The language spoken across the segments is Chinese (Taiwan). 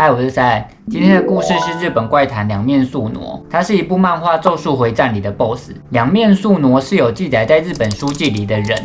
嗨，Hi, 我是塞。今天的故事是日本怪談兩面宿儺，它是一部漫畫《咒術回戰》裡的 BOSS。兩面宿儺是有記載在日本書紀裡的人，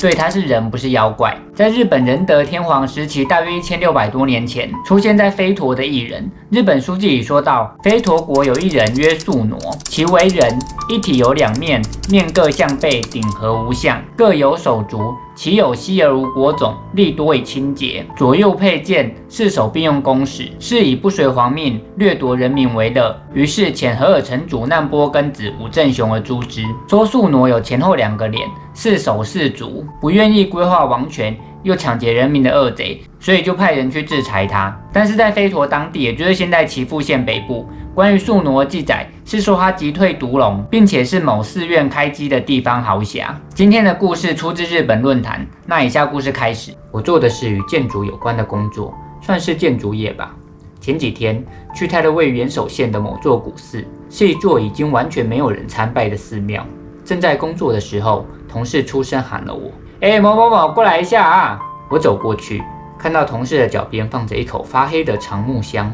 所以他是人不是妖怪。在日本仁德天皇時期，大約一千六百多年前，出現在飛驒的一人。日本書紀裡說到，飛驒國有一人曰宿儺，其為人一體有兩面，面各向背，頂和無相，各有手足。其有膝而無膕踵，力多以輕捷，左右佩劍，四手並用弓矢，是以不隨皇命掠奪人民為樂。於是遣和爾城主難波根子武振熊而誅之。周宿儺有前後兩個臉，四手四足，不願意歸化王權，又搶劫人民的惡賊，所以就派人去制裁他。但是在飛驒當地，也就是現在岐阜縣北部，關於宿儺的記載是說他擊退毒龍，並且是某寺院開基的地方豪俠。今天的故事出自日本論壇。那以下故事開始。我做的是與建築有關的工作，算是建築業吧。前幾天去泰勒位於岐阜縣的某座古寺，是一座已經完全沒有人參拜的寺廟。正在工作的時候，同事出聲喊了我。哎、欸，某某某，過來一下啊！我走過去，看到同事的腳邊放着一口發黑的長木箱。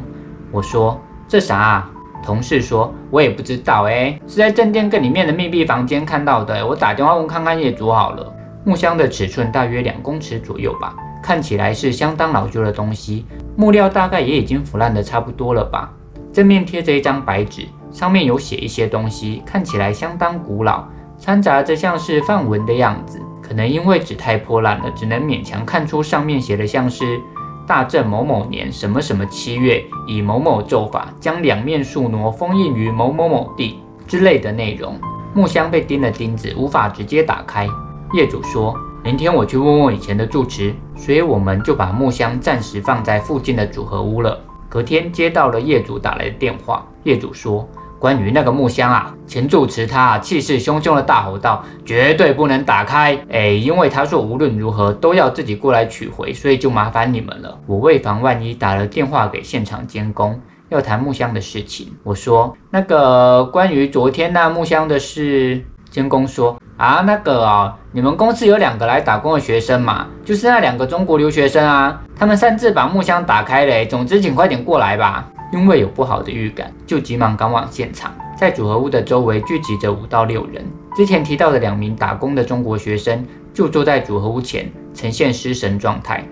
我說：“這啥啊？”同事說：“我也不知道、欸，哎，是在正殿更裡面的密閉房間看到的、欸。我打電話問看看也煮好了。”木箱的尺寸大約兩公尺左右吧，看起來是相當老舊的東西，木料大概也已經腐爛的差不多了吧。正面貼着一張白紙，上面有寫一些東西，看起來相當古老，摻雜着像是梵文的樣子。可能因為紙太破爛了，只能勉強看出上面寫的像是大正某某年什麼什麼七月，以某某咒法將兩面宿儺封印於某某某地之類的內容。木箱被釘了釘子，無法直接打開。業主說：“明天我去問問以前的住持。”所以我們就把木箱暫時放在附近的組合屋了。隔天接到了業主打來的電話，業主說。關於那個木箱啊，前住持他啊氣勢洶洶的大吼道：“絕對不能打開！哎、欸，因為他說無論如何都要自己過來取回，所以就麻煩你們了。我為防萬一，打了電話給現場監工，要談木箱的事情。我說那個關於昨天那木箱的事，監工說啊那個啊、哦，你們公司有兩個來打工的學生嘛，就是那兩個中國留學生啊，他們擅自把木箱打開了、欸。總之，請快點過來吧。”因為有不好的預感，就急忙趕往現場。在組合屋的周圍聚集着五到六人。之前提到的兩名打工的中國學生就坐在組合屋前，呈現失神狀態。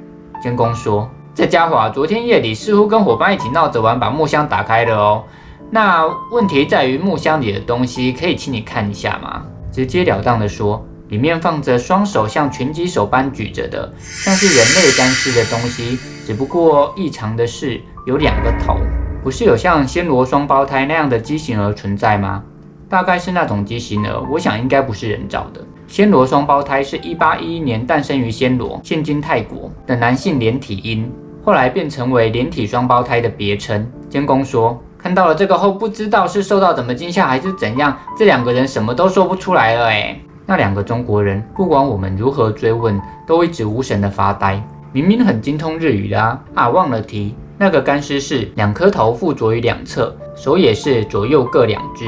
監工說：“這家伙啊，昨天夜裡似乎跟伙伴一起鬧着玩，把木箱打開了哦。”那問題在於木箱裡的東西，可以請你看一下嗎？直截了當地說，裡面放着雙手像拳擊手般舉着的，像是人類乾屍的東西，只不過異常的是有兩個頭。不是有像暹羅雙胞胎那樣的畸形兒存在嗎？大概是那種畸形兒，我想應該不是人造的。暹羅雙胞胎是一八一一年誕生於暹羅（現今泰國）的男性連體嬰，後來便成為連體雙胞胎的別稱。監工說看到了這個後，不知道是受到怎麼驚嚇還是怎樣，這兩個人什麼都說不出來了、欸。哎，那兩個中國人，不管我們如何追問，都一直無神的發呆。明明很精通日語啦、啊，啊，忘了提。那個乾屍是兩顆頭附着於兩側，手也是左右各兩隻，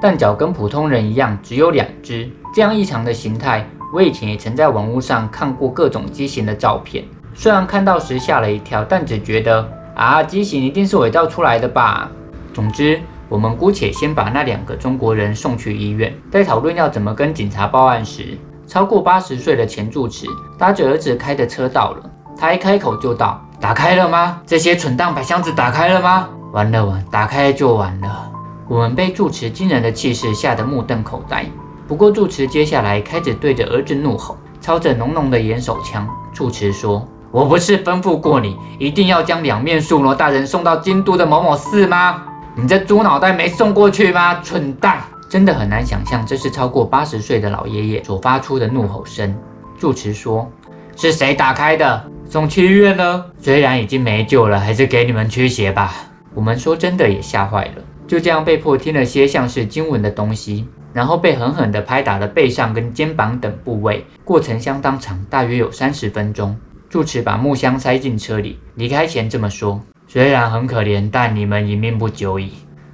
但腳跟普通人一樣只有兩隻。這樣異常的形態，我以前也曾在網路上看過各種畸形的照片，雖然看到時嚇了一跳，但只覺得啊，畸形一定是偽造出來的吧。總之，我們姑且先把那兩個中國人送去醫院。在討論要怎麼跟警察報案時，超過八十歲的前住持搭着兒子開的車到了，他一開口就道。打開了嗎？這些蠢蛋把箱子打開了嗎？完了完，打開就完了。我們被住持驚人的氣勢嚇得目瞪口呆。不過住持接下來開始對着兒子怒吼，操着濃濃的岩手腔。住持說：“我不是吩咐過你，一定要將兩面宿儺大人送到京都的某某寺嗎？你這豬腦袋沒送過去嗎？蠢蛋！真的很難想象，這是超過八十歲的老爺爺所發出的怒吼聲。”住持說：“是誰打開的？”送去醫院呢，雖然已經沒救了，還是給你們驅邪吧。我們說真的也嚇壞了，就這樣被迫聽了些像是經文的東西，然後被狠狠地拍打了背上跟肩膀等部位，過程相當長，大約有三十分鐘。住持把木箱塞進車裡，離開前這麼說：雖然很可憐，但你們已命不久矣。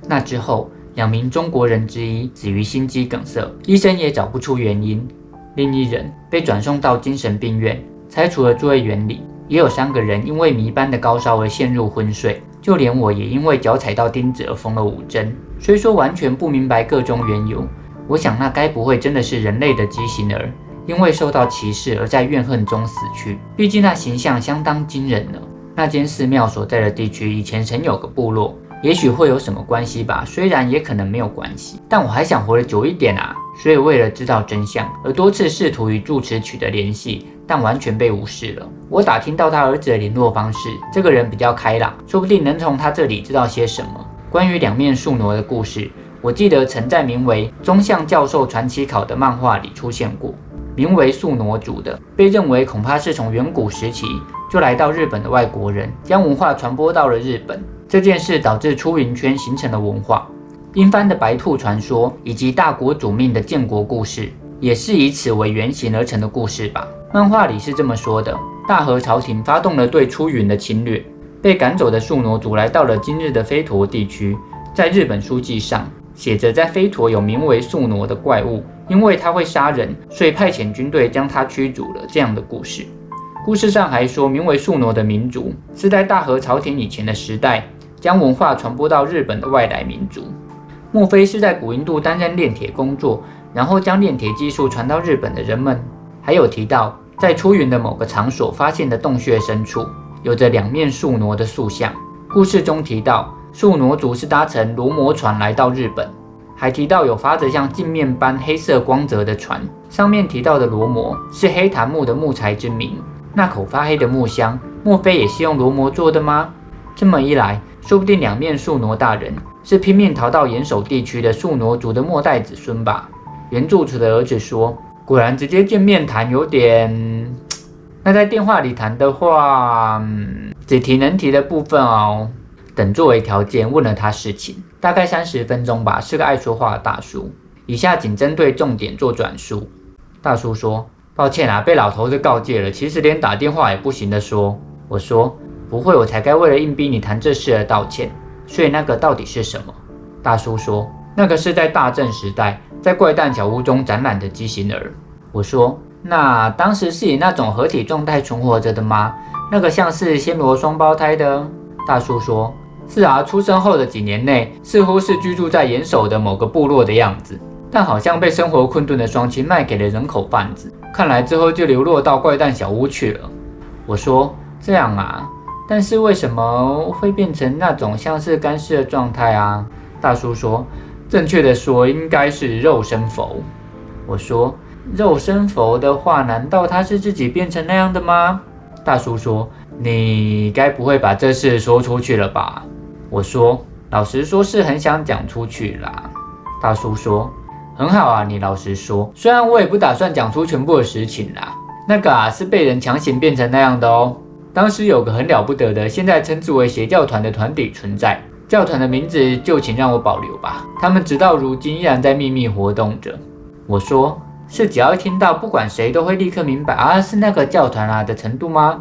那之後，兩名中國人之一死於心肌梗塞，醫生也找不出原因；另一人被轉送到精神病院。拆除了作業原理，也有三個人因為謎般的高燒而陷入昏睡，就連我也因為腳踩到釘子而縫了五針。雖說完全不明白個中緣由，我想那該不會真的是人類的畸形兒，因為受到歧視而在怨恨中死去。畢竟那形象相當驚人呢。那間寺廟所在的地區以前曾有個部落，也許會有什麼關係吧。雖然也可能沒有關係，但我還想活得久一點啊。所以為了知道真相而多次試圖與住持取得聯繫。但完全被無視了。我打聽到他兒子的聯絡方式，這個人比較開朗，說不定能從他這裡知道些什麼關於兩面宿儺的故事。我記得曾在名為《宗像教授傳奇考》的漫畫裡出現過，名為宿儺族的，被認為恐怕是從遠古時期就來到日本的外國人，將文化傳播到了日本。這件事導致出雲圈形成了文化。因幡的白兔傳說以及大國主命的建國故事，也是以此為原型而成的故事吧。漫畫裡是這麼說的：大和朝廷發動了對出雲的侵略，被趕走的宿儺族來到了今日的飛驒地區。在日本書紀上寫着，寫著在飛驒有名為宿儺的怪物，因為他會殺人，所以派遣軍隊將他驅逐了。這樣的故事，故事上還說，名為宿儺的民族是在大和朝廷以前的時代將文化傳播到日本的外來民族。莫非是在古印度擔任煉鐵工作，然後將煉鐵技術傳到日本的人們？還有提到，在出雲的某個場所發現的洞穴深處，有着兩面宿儺的塑像。故事中提到，宿儺族是搭乘羅摩船來到日本，還提到有發着像鏡面般黑色光澤的船。上面提到的羅摩是黑檀木的木材之名，那口發黑的木箱，莫非也是用羅摩做的嗎？這麼一來，說不定兩面宿儺大人是拼命逃到嚴守地區的宿儺族的末代子孫吧？原住持的兒子說。果然，直接見面談有點。那在電話裡談的話，嗯，只提能提的部分哦。等作為條件問了他事情，大概三十分鐘吧。是個愛說話的大叔。以下僅針對重點做轉述。大叔說：“抱歉啊，被老頭子告誡了。其實連打電話也不行的說。”說我說：“不會，我才該為了硬逼你談這事而道歉。”所以那個到底是什麼？大叔說：“那個是在大正時代。”在怪誕小屋中展覽的畸形兒，我說：“那當時是以那種合體狀態存活着的嗎？”那個像是暹羅雙胞胎的大叔說：“是啊，出生後的幾年內似乎是居住在岩手的某個部落的樣子，但好像被生活困頓的雙親賣給了人口販子，看來之後就流落到怪誕小屋去了。”我說：“這樣啊，但是為什麼會變成那種像是乾屍的狀態啊？”大叔說。正確的說，應該是肉身佛。我說，肉身佛的話，難道他是自己變成那樣的嗎？大叔說：“你該不會把這事說出去了吧？”我說：“老實說，是很想講出去啦。”大叔說：“很好啊，你老實說，雖然我也不打算講出全部的實情啦，那個啊是被人強行變成那樣的哦。當時有個很了不得的，現在稱之為邪教團的團體存在。”教團的名字就請讓我保留吧。他們直到如今依然在秘密活動着。我說：“是只要一聽到，不管誰都會立刻明白啊，是那個教團啊的程度嗎？”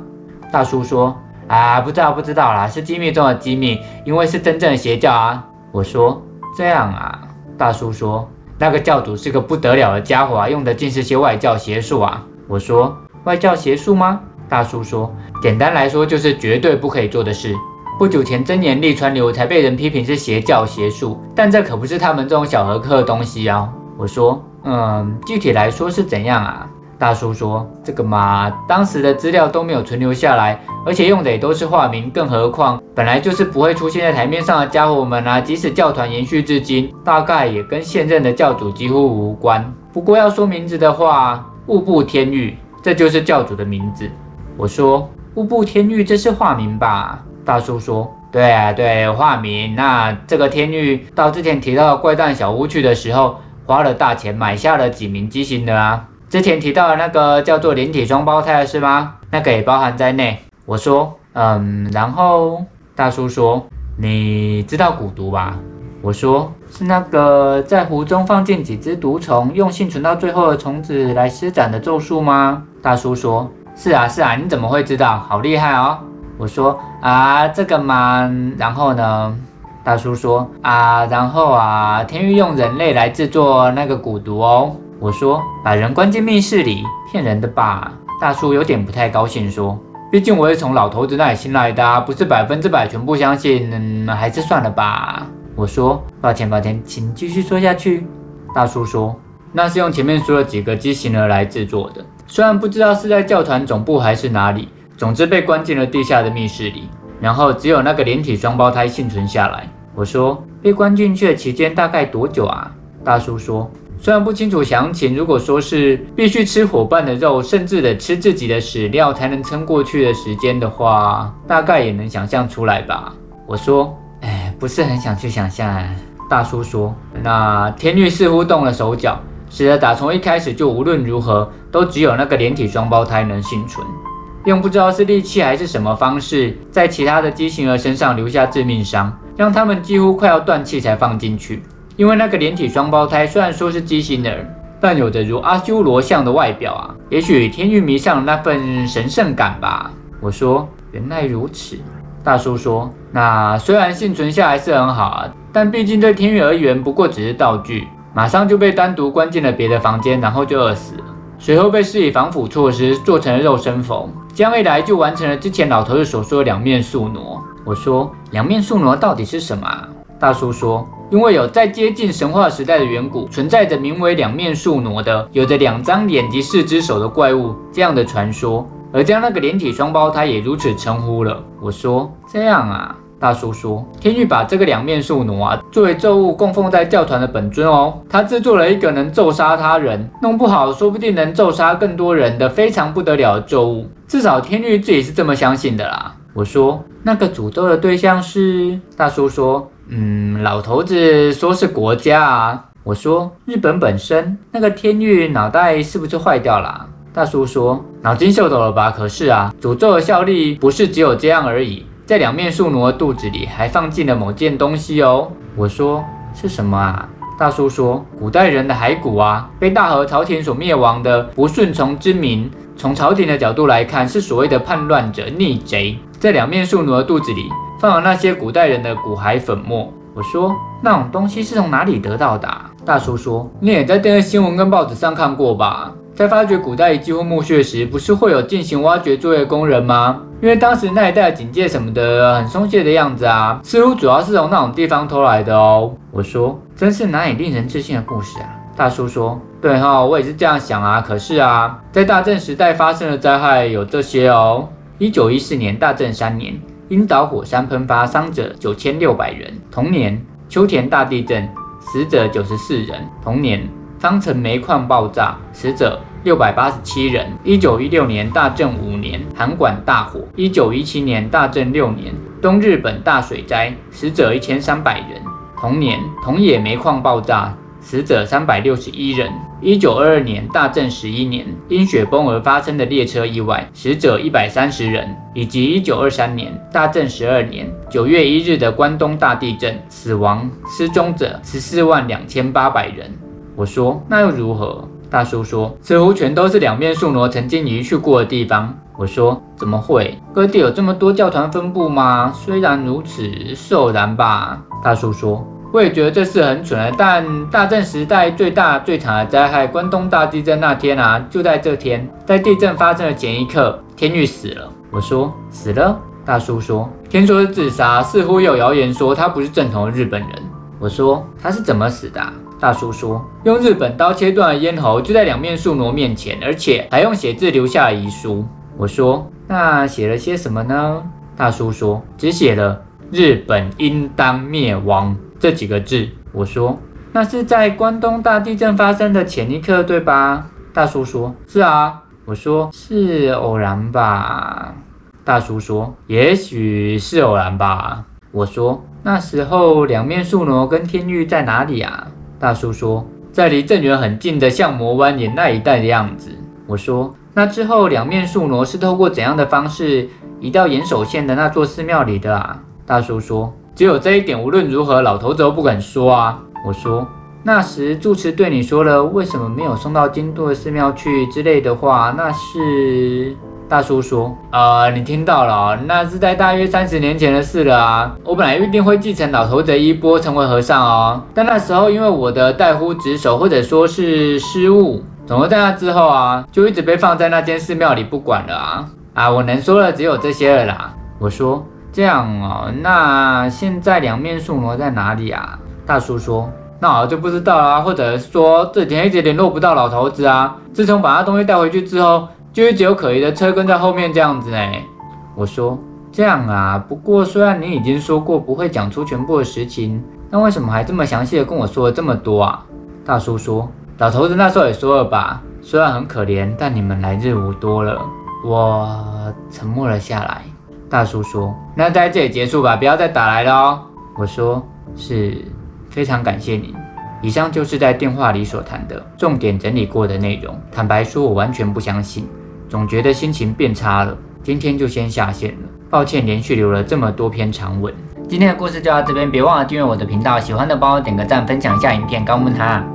大叔說：“啊，不知道，不知道啦，是機密中的機密，因為是真正的邪教啊。”我說：“這樣啊。”大叔說：“那個教主是個不得了的傢伙啊，用的竟是些外教邪術啊。”我說：“外教邪術嗎？”大叔說：“簡單來說，就是絕對不可以做的事。”不久前，真言立川流才被人批評是邪教邪術，但這可不是他們這種小兒科的東西哦。我說，嗯，具體來說是怎樣啊？大叔說，這個嘛，當時的資料都沒有存留下來，而且用的也都是化名，更何況本來就是不會出現在台面上的家伙們啊。即使教團延續至今，大概也跟現任的教主幾乎無關。不過要說名字的話，物部天玉，這就是教主的名字。我說，物部天玉這是化名吧？大叔說：“對啊，對啊，化名。那這個天域到之前提到的怪誕小屋去的時候，花了大錢買下了幾名畸形的啊。之前提到的那個叫做連體雙胞胎是嗎？那個也包含在內。”我說：“嗯。”然後大叔說：“你知道蠱毒吧？”我說：“是那個在湖中放進幾隻毒蟲，用倖存到最後的蟲子來施展的咒術嗎？”大叔說：“是啊，是啊。你怎麼會知道？好厲害哦。”我說啊，這個嘛，然後呢？大叔說啊，然後啊，天域用人類來制作那個蠱毒哦。我說，把人關進密室裡，騙人的吧？大叔有點不太高興說，畢竟我是從老頭子那裡聽來的，啊，不是百分之百全部相信，嗯，還是算了吧。我說抱歉，抱歉，請繼續說下去。大叔說，那是用前面說的幾個畸形兒來制作的，雖然不知道是在教團總部還是哪裡。總之被關進了地下的密室裡，然後只有那個連體雙胞胎幸存下來。我說：“被關進去的期間大概多久啊？”大叔說：“雖然不清楚詳情，如果說是必須吃夥伴的肉，甚至得吃自己的屎尿才能撐過去的時間的話，大概也能想象出來吧。”我說：“哎，不是很想去想象啊。”大叔說：“那天域似乎動了手腳，使得打從一開始就無論如何都只有那個連體雙胞胎能幸存。”用不知道是利器還是什麼方式，在其他的畸形兒身上留下致命傷，讓他們幾乎快要斷氣才放進去。因為那個連體雙胞胎雖然說是畸形兒，但有着如阿修羅像的外表啊，也許天域迷上了那份神聖感吧。我說，原來如此。大叔說，那雖然倖存下來是很好啊，但畢竟對天域而言，不過只是道具，馬上就被單獨關進了別的房間，然後就餓死了。隨後被施以防腐措施，做成了肉身佛。這樣一來就完成了之前老頭子所說的兩面宿儺。我說：“兩面宿儺到底是什麼啊？”大叔說：“因為有在接近神話時代的遠古，存在着名為兩面宿儺的，有着兩張臉及四隻手的怪物這樣的傳說，而將那個連體雙胞胎也如此稱呼了。”我說：“這樣啊。”大叔說：“天域把這個兩面宿儺啊作為咒物供奉在教團的本尊哦，他製作了一個能咒殺他人，弄不好說不定能咒殺更多人的非常不得了的咒物，至少天域自己是這麼相信的啦。”我說：“那個詛咒的對象是？”大叔說：“嗯，老頭子說是國家啊。”我說：“日本本身那個天域腦袋是不是壞掉啦、啊？”大叔說：“腦筋秀逗了吧？可是啊，詛咒的效力不是只有這樣而已。”在兩面宿儺的肚子裡還放進了某件東西哦。我說，是什麼啊？大叔說，古代人的骸骨啊，被大和朝廷所滅亡的不順從之民，從朝廷的角度來看是所謂的叛亂者、逆賊。在兩面宿儺的肚子裡放了那些古代人的骨骸粉末。我說，那種東西是從哪裡得到的啊？大叔說，你也在電視新聞跟報紙上看過吧？在發掘古代遺跡或墓穴時，不是會有進行挖掘作業工人嗎？因為當時那一帶的警戒什麼的很鬆懈的樣子啊，似乎主要是從那種地方偷來的哦、喔。我說，真是難以令人置信的故事啊！大叔說，對齁，我也是這樣想啊。可是啊，在大正時代發生的災害有這些哦、喔：一九一四年大正三年，櫻島火山噴發，傷者九千六百人；同年，秋田大地震，死者九十四人；同年。方城煤礦爆炸，死者六百八十七人。一九一六年大正五年，函館大火。一九一七年大正六年，東日本大水災，死者一千三百人。同年，桐野煤礦爆炸，死者三百六十一人。一九二二年大正十一年，因雪崩而發生的列車意外，死者一百三十人。以及一九二三年大正十二年九月一日的關東大地震，死亡失蹤者十四萬兩千八百人。我說：“那又如何？”大叔說：“似乎全都是兩面宿儺曾經移去過的地方。”我說：“怎麼會？各地有這麼多教團分布嗎？”雖然如此，是偶然吧？大叔說：“我也覺得這事很蠢。”但大正時代最大最慘的災害——關東大地震那天啊，就在這天，在地震發生的前一刻，天玉死了。我說：“死了？”大叔說：“聽說是自殺，似乎也有謠言說他不是正統的日本人。”我說：“他是怎麼死的啊？”大叔說：“用日本刀切斷了咽喉，就在兩面宿儺面前，而且還用寫字留下了遺書。”我說：“那寫了些什麼呢？”大叔說：“只寫了‘日本應當滅亡’這幾個字。”我說：“那是在關東大地震發生的前一刻，對吧？”大叔說：“是啊。”我說：“是偶然吧？”大叔說：“也許是偶然吧。”我說：“那時候兩面宿儺跟天域在哪裡啊？”大叔說，在離鎮原很近的向魔灣也那一帶的樣子。我說，那之後兩面宿儺是透過怎樣的方式移到岩手縣的那座寺廟裡的啊？大叔說，只有這一點無論如何，老頭子都不肯說啊。我說，那時住持對你說了為什麼沒有送到京都的寺廟去之類的話，那是。大叔說：“呃你聽到了、哦，那是在大約三十年前的事了啊。我本來預定會繼承老頭子衣缽，成為和尚哦。但那時候因為我的怠忽職守，或者說是失誤，總之在那之後啊，就一直被放在那間寺廟裡不管了啊。啊，我能說的只有這些了。”我說：“這樣哦，那現在兩面宿儺在哪裡啊？”大叔說：“那我就不知道了、啊，或者說這幾天一直聯絡不到老頭子啊。自從把他東西帶回去之後。”就是只有可疑的車跟在後面這樣子呢、欸，我說，這樣啊，不過雖然你已經說過不會講出全部的實情，那為什麼還這麼詳細的跟我說了這麼多啊？大叔說，老頭子那時候也說了吧，雖然很可憐，但你們來日無多了。我沉默了下來。大叔說，那在這裡結束吧，不要再打來了哦。我說，是，非常感謝您。以上就是在電話裡所談的重點整理過的內容。坦白說，我完全不相信。總覺得心情變差了，今天就先下線了。抱歉，連續留了這麼多篇長文。今天的故事就到這邊，別忘了訂閱我的頻道。喜歡的幫我點個讚，分享一下影片，告訴他。